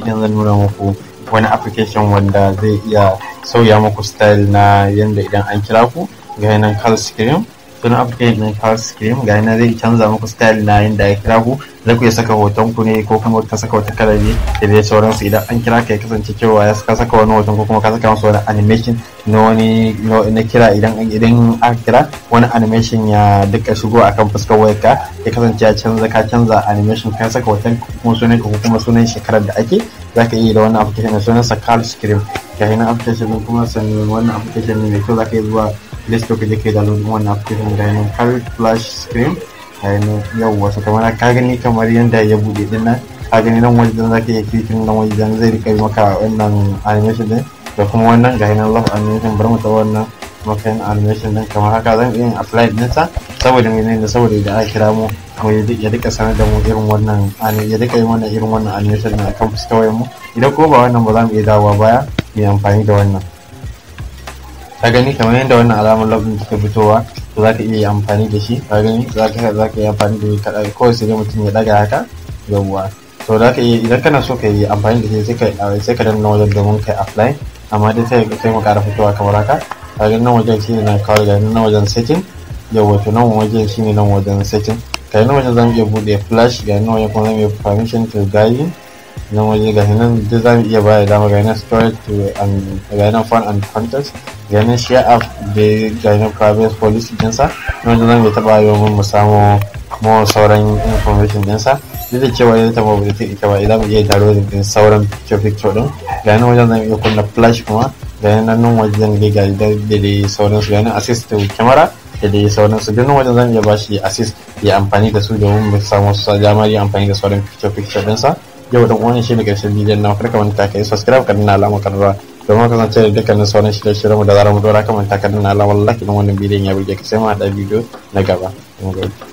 idan zan nuna muku wani application wanda zai iya sauya muku style na yadda idan an kira ku ga nan call screen tun application ne Power Screen ga yana zai canza muku style na yin da ya kira ku za ku iya saka hoton ku ne ko kuma ka saka wata kalabi da dai sauransu idan an kira ka ya kasance cewa ya ka saka wani hoton ko kuma ka saka masa wani animation na wani na kira idan idan aka kira wani animation ya duka shigo akan fuskar wayar ka ya kasance ya canza ka canza animation ka saka hoton kuma sunan ko kuma sunan shekarar da ake za ka iya da wannan application sunan sa Call Screen ga yana application kuma sannan wannan application ne mai kyau za ka iya zuwa les propiedad que da wannan firin da nan har flash screen da nan yawwa su kamar ka gani kamar yadda ya bude din nan ka gani nan wajen za ka iya klikin nan wajen zai rika maka wannan animation din da kuma wannan ga nan love animation bar mu ta wannan makan animation din kamar haka zan iya apply din sa saboda a da saboda da aka kira mu ya duka sanar da mu irin wannan ya duka yi mana irin wannan animation din akan mu idan ko ba wannan ba za mu iya dawowa baya mu amfani da wannan ka gani kamar yadda wannan alamar love din take fitowa to za ka iya yi amfani da shi ka gani za ka za ka iya amfani da shi ka kawai sai dai mutum ya ɗaga haka yawwa to za ka iya idan kana so ka yi amfani da shi sai ka eh, sai ka danna wajen domin kai apply amma dai sai ka sai mu ƙara fitowa kamar haka ka gani nan wajen shine na kawai ga nan wajen setting yawwa to nan wajen shine nan wajen setting ka nan wajen zan iya buɗe flash ga nan wajen kuma zan iya permission to guiding nan waje ga nan duk za mu iya baya dama ga nan to um, and ga and contacts ga share app da ga private policy dinsa nan wajen za mu taba mu samu more sauran information dinsa duk da cewa ya taba ba ta ita ba idan mu iya taro da sauran picture picture din gani nan wajen za iya kunna flash kuma gani nan nan wajen da ga da da sauransu su nan assist to camera da sauran sauransu duk wajen zan iya bashi assist ya amfani da su domin mu samu su dama ya amfani da sauran picture picture dinsa yau dan uwan shi ne karshen bidiyon na kada ka manta ka yi subscribe ka danna alamar karra domin kasance da dukkanin sauran shirye shirye mu da zarar mu dora ka manta ka danna alamar like don wannan bidiyon ya burge ka sai ma da bidiyo na gaba.